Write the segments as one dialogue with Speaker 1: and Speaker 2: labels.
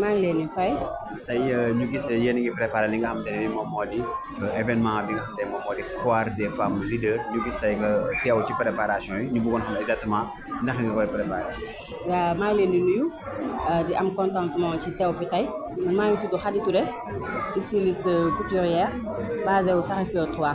Speaker 1: maa ngi leen di fay.
Speaker 2: tey euh, ñu gis euh, yéen a ngi préparé li nga xamante ne moom moo di euh, événement bi nga xamante ne moom moo di foire des femmes leaders ñu gis tey nga teew ci préparation yi ñu bëggoon xam exactement ndax nga koy préparé.
Speaker 1: waaw maa ngi leen di nuyu di am contentement ci teew fi tey maa ngi tudd Khady Touré styliste couturière basé wu Sacré-Cœur 3.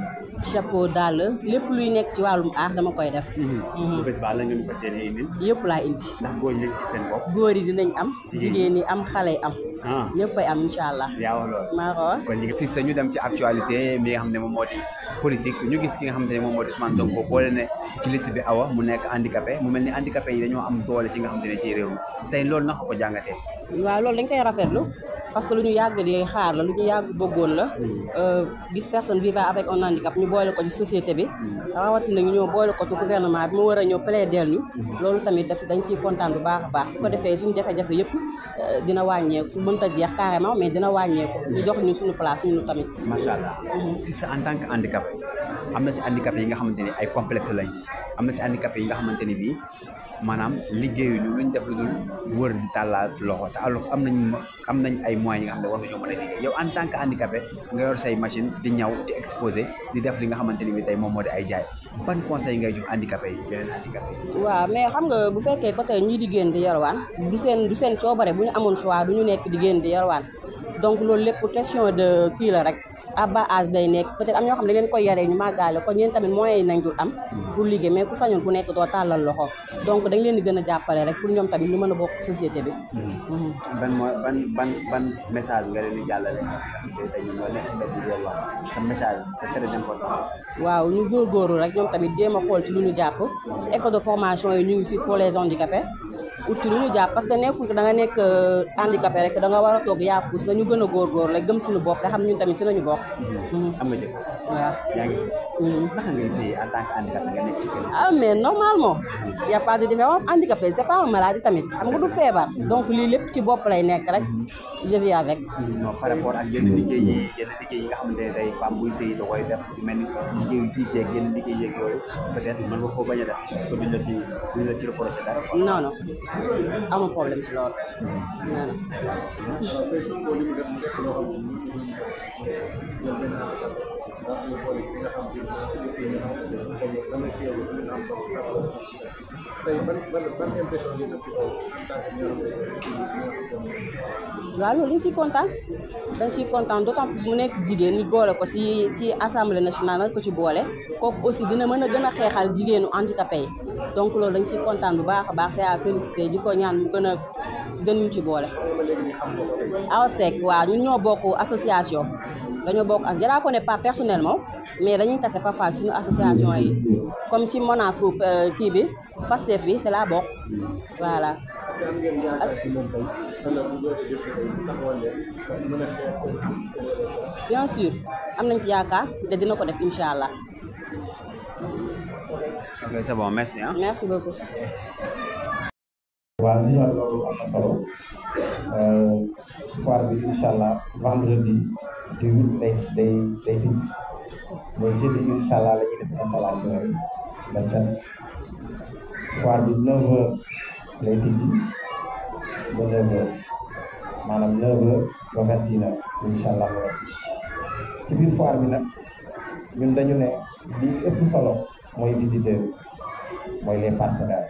Speaker 1: chapeau dàll lépp luy nekk ci wàllum aar dama koy def. bu bés ba la ngeen fas yéene indi. yëpp laa seen bopp.
Speaker 2: góor yi am. Mhm. jigéen am xale yi am. Ah. ñëpp ay am incha allah. yaa wax loolu maa ko ñu dem ci actualité mi nga xam ne moom moo di politique gis ki nga xam ne moom moo di Ousmane Sonko boole ne ci liste bi awa mu nekk handicapé mu mel ni handicapé yi dañoo am doole ci nga xam ne ci réew mi tey loolu naka ko jàngatee.
Speaker 1: waaw loolu dañ koy rafetlu parce que lu ñu yàgg di xaar la lu ñu yàgg bëggoon la euh, gis personne vivant avec un handicap ñu boole ko ci société bi rawatina ñu ñëw boole ko ci gouvernement bi mu war a ñëw plaider ñu loolu tamit daf dañ ciy kontaan bu baax a baax bu defee suñu jafe-jafe yëpp euh, dina wàññeeku su mënta jeex carrément mais dina wàññeeku ñu jox ñu suñu place
Speaker 2: ñu tamit macha allah mhm. si sa en tant que handicap am na si handicap yi nga xamante ni ay complexe lañ am na si handicapé yi nga xamante ne bii maanaam liggéeyuñu luñ def lu dul wër di tàllaat loxo te alors am nañ am nañ ay moyens yi nga xam ne war a nga yor machine di ñaw di exposé di def li nga xamante bii tey moom moo di ay jaay ban conseil ngay jox handicapé yi
Speaker 1: waaw mais xam nga bu fekkee côté ñuy di di yorwaan du seen du seen coobare bu ñu amoon choix du ñu nekk di di yorwaan donc loolu lépp question de kii la rek à bas âge day nekk peut-être am ñoo xam ne leen koy yaree ñu màggaale kon ñeen tamit moyens yi nañ dul am pour liggéey mais ku sañoon ku nekk doo tàllal loxo donc dañ leen di gën a jàppale rek pour ñoom tamit ñu mën a bokk société
Speaker 2: bi hmm. ban mooy ban ban ban message nga leen di jàllale sa message c'est très important
Speaker 1: waaw ñu góor góorgóorlu rek ñoom tamit jéem a xool ci lu ñu jàpp si école de formation yi ñu ngi fi pour les handicapés uti lu ñu jàpp parce que nekkul da nga nekk euh, handicapé rek da nga war a toog yaafuus na ñu gën a góor rek gëm suñu bopp te xam ñun tamit ci lañu bokk. am na naka ah, ngeen a pas de différence handicapé c' est pas un maladie tamit xam nga du feebar. donc lii lépp ci bopp lay nekk rek je vis avec. non par
Speaker 3: rapport ak yenn liggéey yi
Speaker 2: yenn liggéey yi nga xamante ne tey a def parce problème ci
Speaker 4: loolu waaw
Speaker 1: loolu dañ ciy kontaan dañ ciy kontaan d'autant plus mu nekk jigéen ñu boole ko ci ci assemblée nationale nag ko ci boole kooku aussi dina mën a gën a xeexal jigéenu handicapé yi donc loolu dañ ciy kontaan bu baax a baax c'est à féliciter di ko ñaan mu gën a gën ñu ci boole. Awasek waa ñu ñoo bokk association. dañoo bokk je la connais pas personnellement mais c'est pas facile, une association yi comme ci Monafo euh, kii bi Pastef bi c'est la bokk voilà. bien sûr am nañ ci yaakaar te dina
Speaker 2: c'est bon merci hein.
Speaker 1: merci beaucoup.
Speaker 3: waa ziar loolu am na solo euh, bi incha allah vendredi di huit day day day tëj mais jeudi incha allah la ñuy def installation yi ba set bi neuf heures lay tëjji ba neuf heures maanaam neuf heures ba ci biir foire bi nag ñun dañu ne li ëpp solo mooy visiteur mooy les partenaires.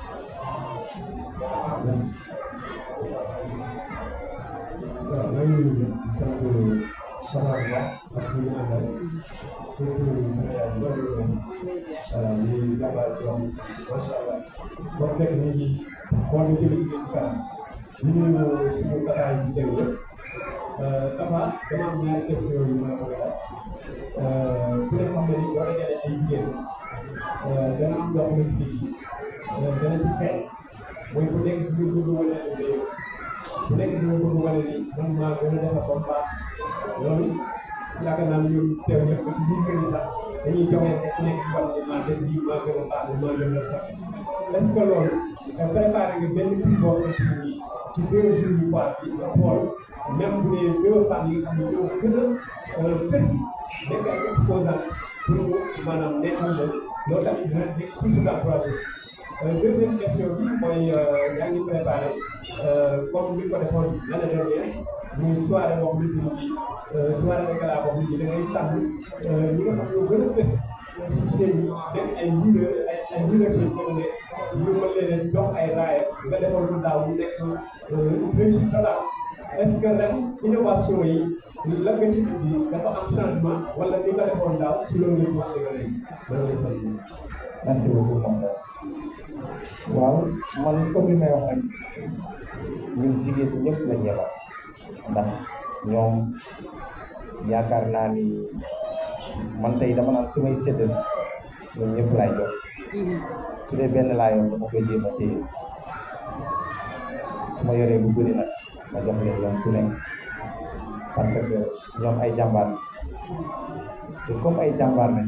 Speaker 3: waaw maa ngi nuyu bu baax
Speaker 4: yaay baax ñu jàmbaar bi am macha fekk ñu ngi xool nga jëlee jigéen kanam ñu ngi suñu taxaay bi dem yëpp Tafa dama am ñaari question yu ma la ko laaj ku ne xam ne ni war a jëlee ay jigéen dana am loo xamante ni mooy bu nekk ci biir bu wane ne bu man maa gën a defar ba baax loolu yaakaar naa ne ñoom teew ñëpp sax dañuy joxe ku nekk ci maa def lii maa gën a baax maa gën a baax est ce que loolu nga préparé nga benn prix ko ci ci deux jours yu baax yi nga xool bu dee deux femmes yi nga xam ne ñoo gën a euh, fës nekk ay exposant pour maanaam nekkal leen loolu tamit dina nekk surtout dans trois Euh, deuxième question bi mooy euh, yaa ngi préparé euh, comme bi ko defoon l'année dernière muy soirée boo xam ne bii soirée de gala ne da ngay tànn ñi nga xam ñoo gën a fës ci jigéen ay leader ay ay leadership comme ne dox ay raaya nga defoon lu daaw nekk réussite daaw ce que ren innovation yi lan nga dafa am changement wala ni nga defoon daaw si loolu la ñu wax dëgg yàlla merci beaucoup Mame Ndao
Speaker 3: waaw man comme li may wax rek ñun jigéen ñëpp lañ yemal ñoom yaakaar naa ni man tey dama naan su may séddal ñoom ñëpp laay jox ma yoree bu bëri nag ma jox leen ñoom ku nekk parce que ñoom ay jàmbaar te comme ay jàmbaar nañ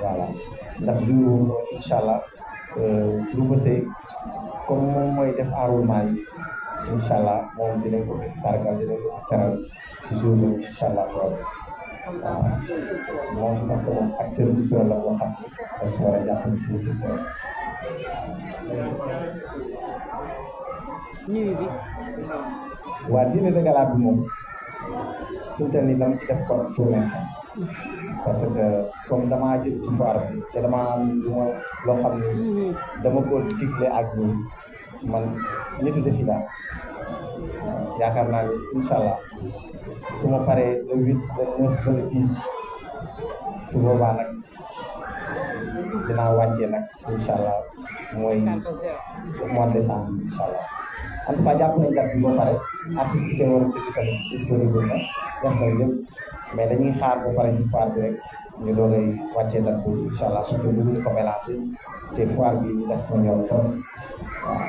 Speaker 3: voilà ndax jiw incha allah lu euh, ko sëy comme mooy def enrôlement yi incha allah moom dinañ ko fi sargal dinañ ko fi teral ci jour bi incha allah waaw moom parce que moom acteur culturel la boo xam ne dafa a jàppale suuf si nuyu bi. waa dîner gala bi moom suñu toll nii dama ci def kon pour l'instant parce que comme damaa jëm ci foire bi te damaa am loo xam mhm. dama ko digle ak ñi man nitu defi laa yaakaar naa ne incha allah su ma paree le huit le neuf ba le dix su boobaa nag dinaa wàccee nag incha allah mooy mois de décembre en tout cas jàpp nañu date bi ba artiste yi war a tëgg tamit disponible na def nañu lépp mais dañuy xaar ba bi rek ñu doolay wàccee date boobu incha allah surtout bu ñu ko te foire bi ñu def ko ñoom waaw.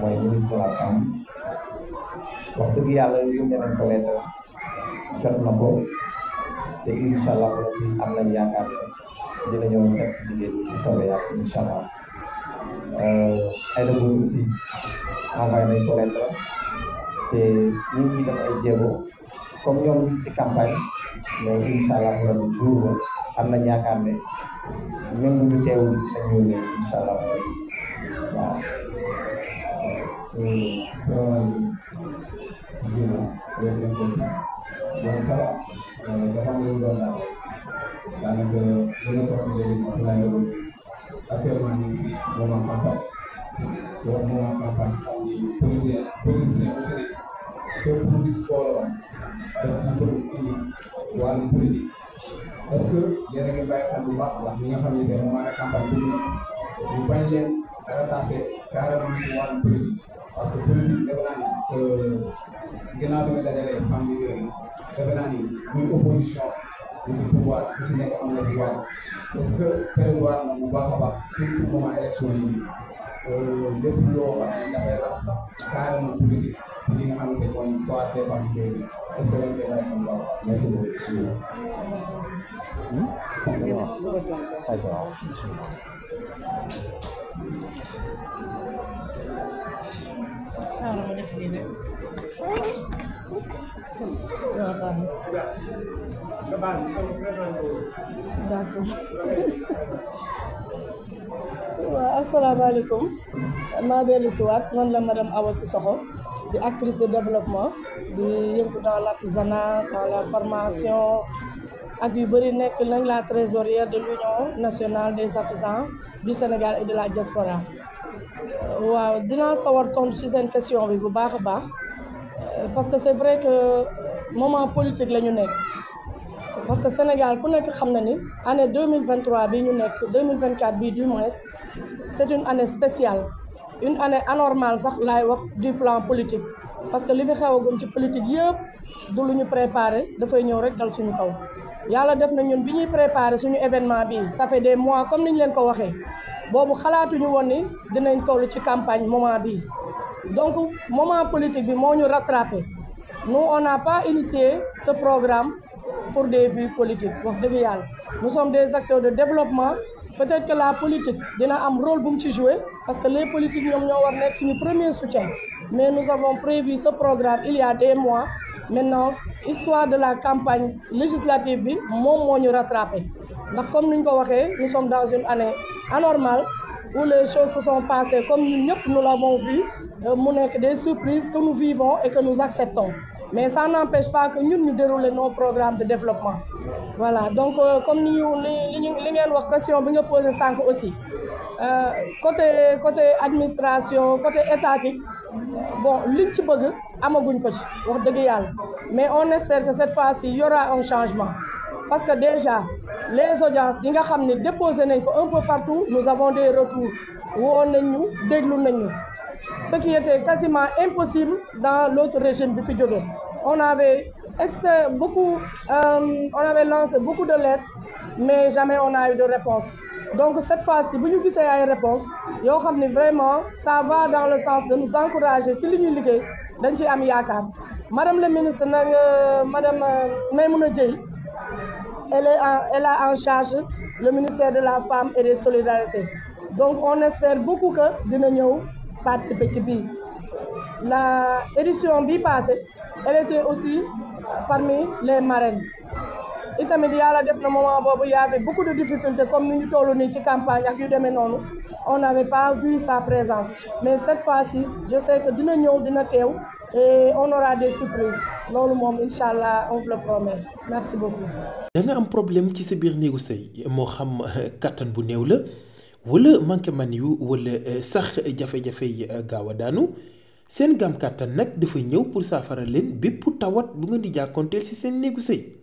Speaker 3: mooy ministre de la femme wax dëgg yàlla yónnee jot na ko te incha allah am nañ yaakaar ne dina ñëw seet si jigéen ñi soobee yàlla incha allah ay la góor aussi envoyé nañ ko lettre te ñu ngi ciy def ay jéego comme ñoom ñu ci mais incha allah loolu jour am nañ ne même bu ñu teewul dinañ ñëw waaw. eh, sean gina
Speaker 4: ya kan ko don kala da xam ñu doon daal daanaka dina topp léegi si la yow actuellement ñu ngi si moment campagne donc moment campagne xam ni politicien politicien au Sénégal képp ku gis xooloo daf ci bëri indi wàllu politique parce que yéen a ngi bàyyi xel bu baax ndax li nga xam ne tey moment dara taase carrément si wàllu politique parce que politique defe naa ni euh, ginnaaw bi nga dajalee famille yooyu defe naa ni muy opposition bi si pouvoir bi si nekk am na si wàll est-ce que prévoir na bu baax a baax surtout moment élection yi euh, lépp loo xam ne dafay rafet carrément politique si li nga xamante ne mooy soit des familles yooyu est-ce que dañ koy bàyyi xam baax merci beaucoup. Hmm? xaaral ma def lii rek
Speaker 5: waaw maa dellu si waat man la madame Awa Cissokho di actrice de développement di yëngu dans l'artisanat dans la formation ak yu bëri nekk lañ trésorière de l'union nationale des artisans du Sénégal et de la diaspora Je voudrais vous poser ci question euh, parce que c'est vrai que moment politique est moment parce que le Sénégal pour nous xam 2023 2024 du c'est une année spéciale une année anormale du plan politique parce que li fi xew dans ci politique yëpp du lu ñu préparé ce ñëw rek dal suñu kaw yàlla def na ñun bi préparer, préparé suñu événement bi ça fait des mois comme niñ leen ko waxee boobu nous woon dans dinañ toll ci campagne moment bi. donc moment politique bi moo ñu rattrapé nous on n'a pas initié ce programme pour des vues politiques wax dëgg nous sommes des acteurs de développement peut-être que la politique a un rôle bu jouer parce que les politiques ñom ñoo war premier soutien mais nous avons prévu ce programme il y a des mois maintenant histoire de la campagne législative bi mom comme nous sommes dans une année anormale où les choses se sont passées comme nous, l'avons vu, euh, des surprises que nous vivons et que nous acceptons. Mais ça n'empêche pas que nous, nous déroulons nos programmes de développement. Voilà, donc euh, comme nous, nous, questions, question, nous poser ça aussi. Euh, côté, administration, côté étatique, bon, l'une qui bug, mais on espère que cette fois-ci, il y aura un changement. Parce que déjà, les audiences yi nga déposé un peu partout nous avons des retours ce qui était quasiment impossible dans l'autre régime du fi on avait beaucoup euh, on avait lancé beaucoup de lettres mais jamais on n'a eu de réponse donc cette fois-ci vous avez une réponse vraiment ça va dans le sens de nous encourager madame la ministre madame euh, elle, a en charge le ministère de la Femme et des Solidarités. Donc on espère beaucoup que dina participe à ci la édition bi passée elle était aussi parmi les marraines Il moment y avait beaucoup de difficultés comme ni ñu campagne on n'avait pas vu sa présence mais cette fois-ci je sais que dina ñëw dina et on aura des surprises loolu le moment, allah on vous le promet merci beaucoup.
Speaker 4: y a am problème ci sa biir néegu sëy moo xam euh, kattan bu néew wala manke man yu wala euh, sax jafe-jafe gawa euh, gaaw sen gam kattan nak dafa ñew pour saafara leen bepp tawat bu ngeen di jàkkoonteel ci sen néegu sey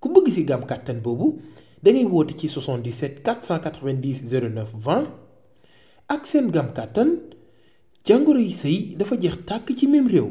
Speaker 4: ku bëgg ci gam kattan bobu da ngay ci 77 490 09 20 ak sen gam kattan. jàngoro yi sëy dafa jeex tàkk ci même réew